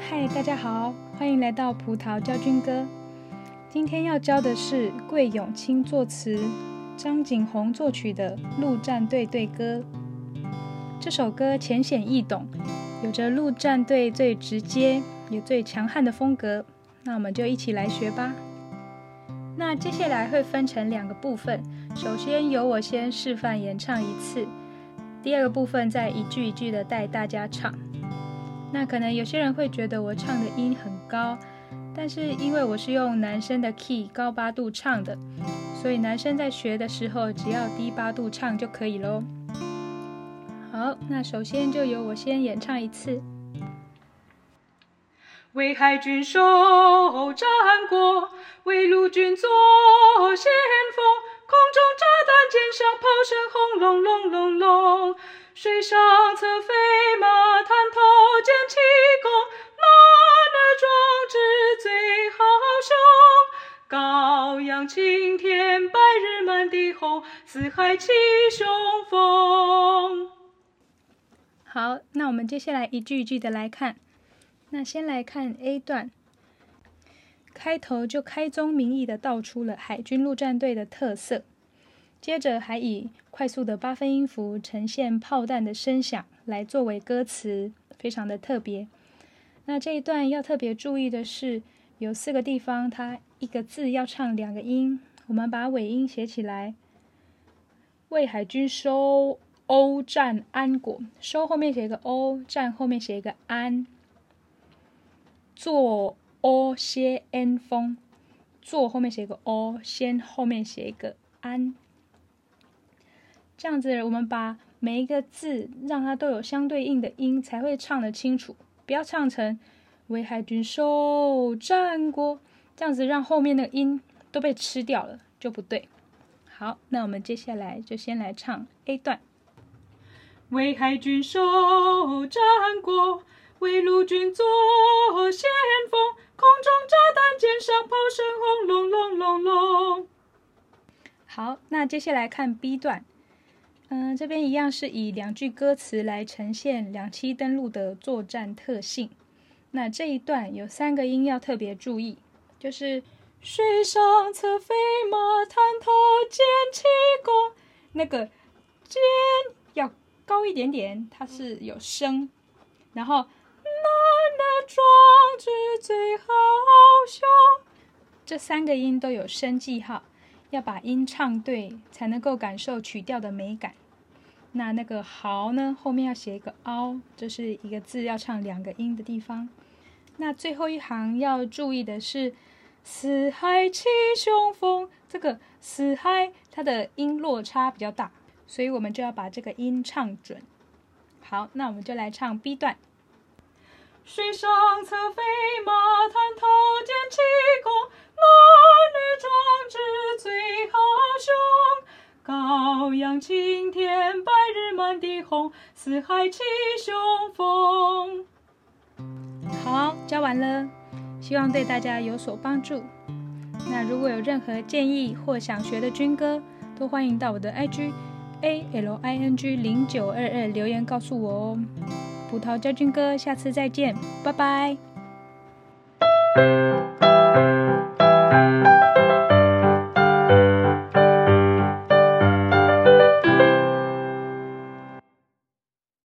嗨，大家好，歡迎來到葡萄教軍歌。今天要教的是桂永清作詞、張錦鴻作曲的《陸戰隊隊歌》。這首歌淺顯易懂，有着陸戰隊最直接也最強悍的風格。那我們就一起來學吧。那接下來會分成兩個部分，首先由我先示範演唱一次，第二個部分再一句一句的帶大家唱。那可能有些人會覺得我唱的音很高，但是因為我是用男生的 key 高八度唱的，所以男生在學的時候只要低八度唱就可以嘍。好，那首先就由我先演唱一次。為海軍收戰果，為陸軍作先鋒。空中炸彈，艦上砲聲，轟隆隆隆隆，隆。水上策飛馬，灘頭建奇功。男兒壯志最豪雄，高揚青天，白日滿地紅，四海起雄風。好，那我們接下來一句一句的來看。那先來看 A 段，開頭就開宗明義的道出了海軍陸戰隊的特色，接着還以快速的八分音符呈現炮彈的聲響來作為歌詞，非常的特別。那這一段要特別注意的是，有四個地方，它一個字要唱兩個音。我們把尾音寫起來：為海軍收歐戰安果，收後面寫一個歐，戰後面寫一個安。做 o 先 en 風坐做後面寫一個 o，、哦、先後面寫一個安。n 這樣子我們把每一個字讓它都有相對應的音，才會唱得清楚。不要唱成“為海軍收戰果”，這樣子讓後面的音都被吃掉了，就不對。好，那我們接下來就先來唱 A 段，“為海軍收戰果”。為陸軍作先鋒，空中炸彈，艦上砲聲轟隆隆隆隆。好，那接下來看 B 段，嗯、呃，這邊一樣是以兩句歌詞來呈現兩棲登陸的作戰特性。那這一段有三個音要特別注意，就是水上策飛馬、灘頭建奇功，那個建要高一點點，它是有升，然後。壯志最豪雄，這三個音都有升記號，要把音唱對，才能夠感受曲調的美感。那那個豪呢，後面要寫一個凹，這、就是一個字要唱兩個音的地方。那最後一行要注意的是“四海起雄風”，這個“四海”它的音落差比較大，所以我們就要把這個音唱準。好，那我們就來唱 B 段。水上策飛馬，灘頭建奇功。男兒壯志最豪雄。高揚青天，白日滿地紅。四海起雄風。好、哦，教完了，希望對大家有所幫助。那如果有任何建議或想學的軍歌，都歡迎到我的 IG A L I N G 零九二二留言告訴我哦。葡萄教軍歌，下次再見，拜拜。